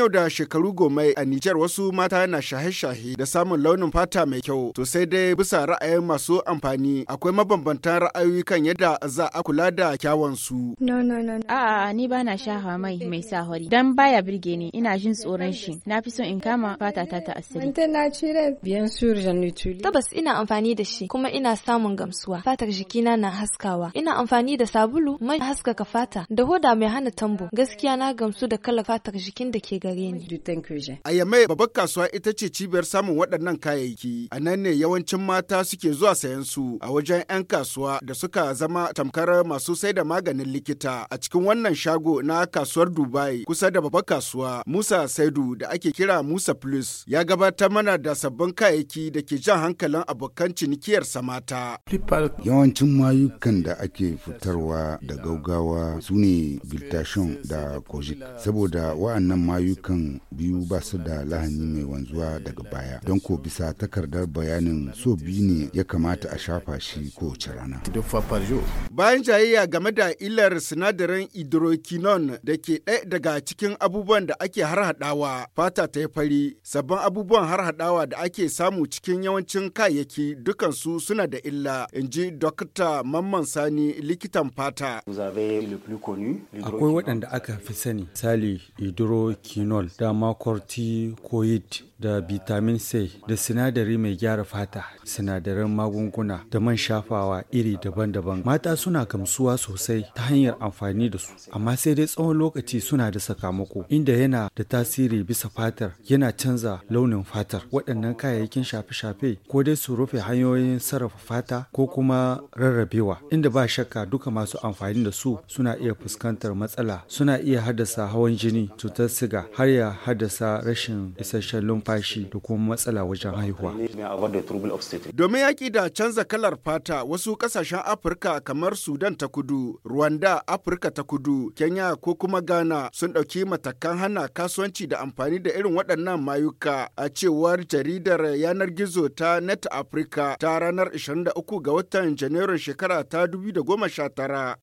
Yau da shekaru gomai a Nijar wasu mata na shahe-shahe da samun launin fata mai kyau. To sai dai bisa ra'ayin masu amfani akwai mabambantan ra'ayoyi kan yadda za a kula da kyawun su. A'a ni ba na hawa mai mai sa hori. Dan baya birge ni ina jin tsoron shi. Na fi son in kama fata ta ta asiri. Tabbas ina amfani da shi kuma ina samun gamsuwa. Fatar jikina na haskawa. Ina amfani da sabulu mai haskaka fata da hoda mai hana tambo. Gaskiya na gamsu da kalar fatar jikin da ke gari. gare ni. A Yamai babbar kasuwa ita ce cibiyar samun waɗannan kayayyaki. A nan ne yawancin mata suke zuwa sayan su a wajen 'yan kasuwa da suka zama tamkar masu sai da maganin likita. A cikin wannan shago na kasuwar Dubai kusa da babbar kasuwa Musa Saidu da ake kira Musa Plus ya gabatar mana da sabbin kayayyaki da ke jan hankalin abokan cinikiyar mata Yawancin mayukan da ake fitarwa da gaugawa su ne da Kojik saboda wa'annan mayuka dukkan biyu ba su da lahani mai wanzuwa daga baya don ko bisa takardar bayanin so biyu ne ya kamata a shafa shi kowace rana. Bayan jayayya game da illar sinadarin hydroquinone da ke ɗaya daga cikin abubuwan da ake harhaɗawa fata ta yi fari sabbin abubuwan harhaɗawa da ake samu cikin yawancin kayayyaki dukansu suna da illa in ji Dr. Mamman Sani likitan fata. Akwai waɗanda aka fi sani misali hydroquinone retinol da macorticoid da vitamin c da sinadari mai gyara fata sinadaran magunguna da man shafawa iri daban-daban mata suna gamsuwa sosai ta hanyar amfani da su amma sai dai tsawon lokaci suna da sakamako inda yana da tasiri bisa fatar yana canza launin fatar waɗannan kayayyakin shafe-shafe ko dai su rufe hanyoyin sarrafa fata ko kuma rarrabewa inda ba shakka duka masu amfani da su suna iya fuskantar matsala suna iya haddasa hawan jini cutar siga har ya haddasa rashin isasshen lumfashi da kuma matsala wajen haihuwa. Domin yaƙi da canza kalar fata wasu ƙasashen Afirka kamar Sudan ta kudu, Rwanda, Afirka ta kudu, Kenya ko kuma Ghana sun ɗauki matakan hana kasuwanci da amfani da irin waɗannan mayuka a cewar jaridar yanar gizo ta Net Africa ta ranar 23 ga watan Janairun shekara ta 2019.